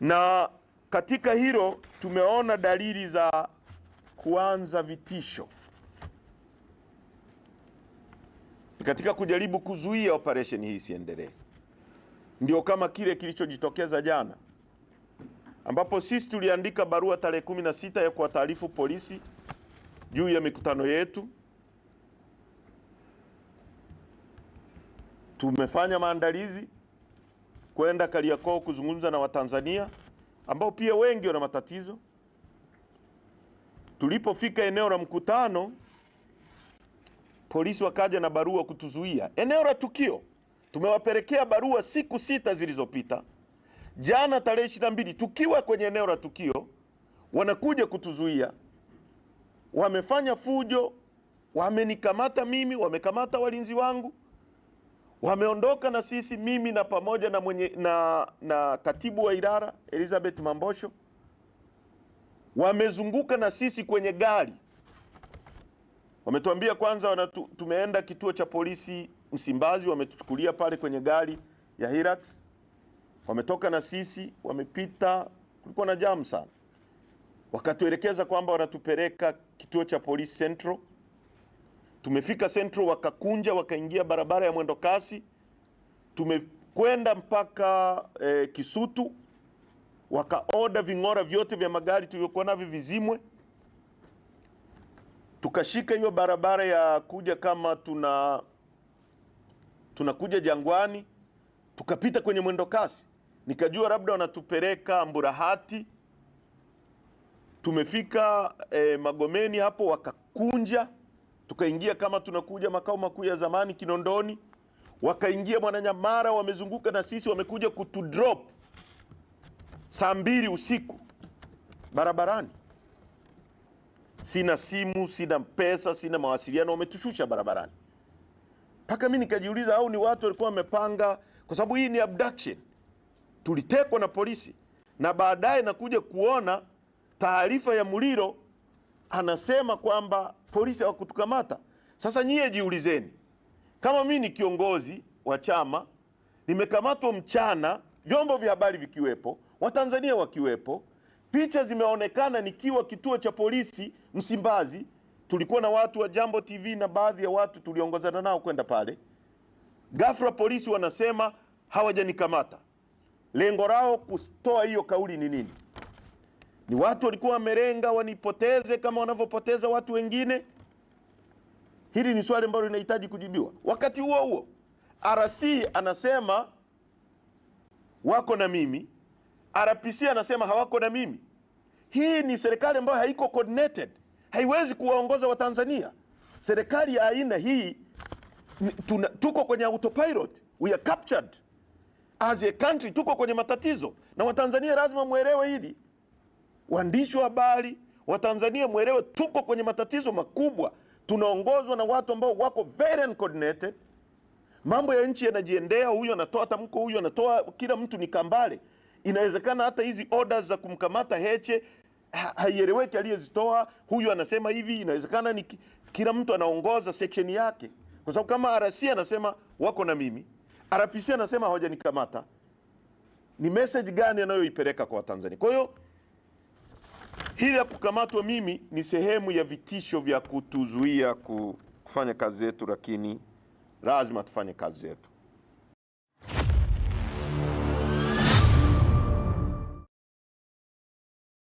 na katika hilo tumeona dalili za kuanza vitisho ni katika kujaribu kuzuia operesheni hii isiendelee. Ndio kama kile kilichojitokeza jana, ambapo sisi tuliandika barua tarehe 16 ya kuwataarifu polisi juu ya mikutano yetu. Tumefanya maandalizi kwenda Kariakoo kuzungumza na Watanzania ambao pia wengi wana matatizo. Tulipofika eneo la mkutano, polisi wakaja na barua kutuzuia eneo la tukio. Tumewapelekea barua siku sita zilizopita, jana tarehe ishirini na mbili tukiwa kwenye eneo la tukio, wanakuja kutuzuia. Wamefanya fujo, wamenikamata mimi, wamekamata walinzi wangu wameondoka na sisi, mimi na pamoja na, mwenye, na, na katibu wa idara Elizabeth Mambosho wamezunguka na sisi kwenye gari, wametuambia kwanza wanatu, tumeenda kituo cha polisi Msimbazi, wametuchukulia pale kwenye gari ya Hilux, wametoka na sisi, wamepita, kulikuwa na jamu sana, wakatuelekeza kwamba wanatupeleka kituo cha polisi Central tumefika Central wakakunja wakaingia barabara ya mwendo kasi, tumekwenda mpaka e, Kisutu wakaoda ving'ora vyote vya magari tulivyokuwa navyo vizimwe. Tukashika hiyo barabara ya kuja kama tuna tunakuja Jangwani, tukapita kwenye mwendo kasi, nikajua labda wanatupeleka Mburahati. Tumefika e, Magomeni hapo wakakunja tukaingia kama tunakuja makao makuu ya zamani Kinondoni, wakaingia Mwananyamara, wamezunguka na sisi, wamekuja kutudrop saa mbili usiku barabarani. Sina simu, sina pesa, sina mawasiliano, wametushusha barabarani. Mpaka mi nikajiuliza, au ni watu walikuwa wamepanga, kwa sababu hii ni abduction. Tulitekwa na polisi na baadaye nakuja kuona taarifa ya Muliro anasema kwamba polisi hawakutukamata. Sasa nyie jiulizeni, kama mimi ni kiongozi wa chama nimekamatwa mchana, vyombo vya habari vikiwepo, watanzania wakiwepo, picha zimeonekana nikiwa kituo cha polisi Msimbazi. Tulikuwa na watu wa Jambo TV na baadhi ya watu tuliongozana nao kwenda pale. Ghafla polisi wanasema hawajanikamata. Lengo lao kutoa hiyo kauli ni nini? Ni watu walikuwa wamelenga wanipoteze kama wanavyopoteza watu wengine? Hili ni swali ambalo linahitaji kujibiwa. Wakati huo huo, RC anasema wako na mimi, RPC anasema hawako na mimi. Hii ni serikali ambayo haiko coordinated, haiwezi kuwaongoza Watanzania. Serikali ya aina hii tuna, tuko kwenye autopilot, we are captured as a country, tuko kwenye matatizo, na Watanzania lazima mwelewe hili waandishi wa habari wa tanzania mwelewe, tuko kwenye matatizo makubwa. Tunaongozwa na watu ambao wako very uncoordinated. Mambo ya nchi yanajiendea, huyu anatoa tamko, huyu anatoa, kila mtu ni kambale. Inawezekana hata hizi orders za kumkamata Heche haieleweki aliyezitoa, huyu anasema hivi. Inawezekana ni kila mtu anaongoza section yake, kwa sababu kama RC anasema wako na mimi, RPC anasema hawajanikamata, ni message gani anayoipeleka kwa Watanzania? Kwa hiyo Hili la kukamatwa mimi ni sehemu ya vitisho vya kutuzuia kufanya kazi yetu, lakini lazima tufanye kazi yetu.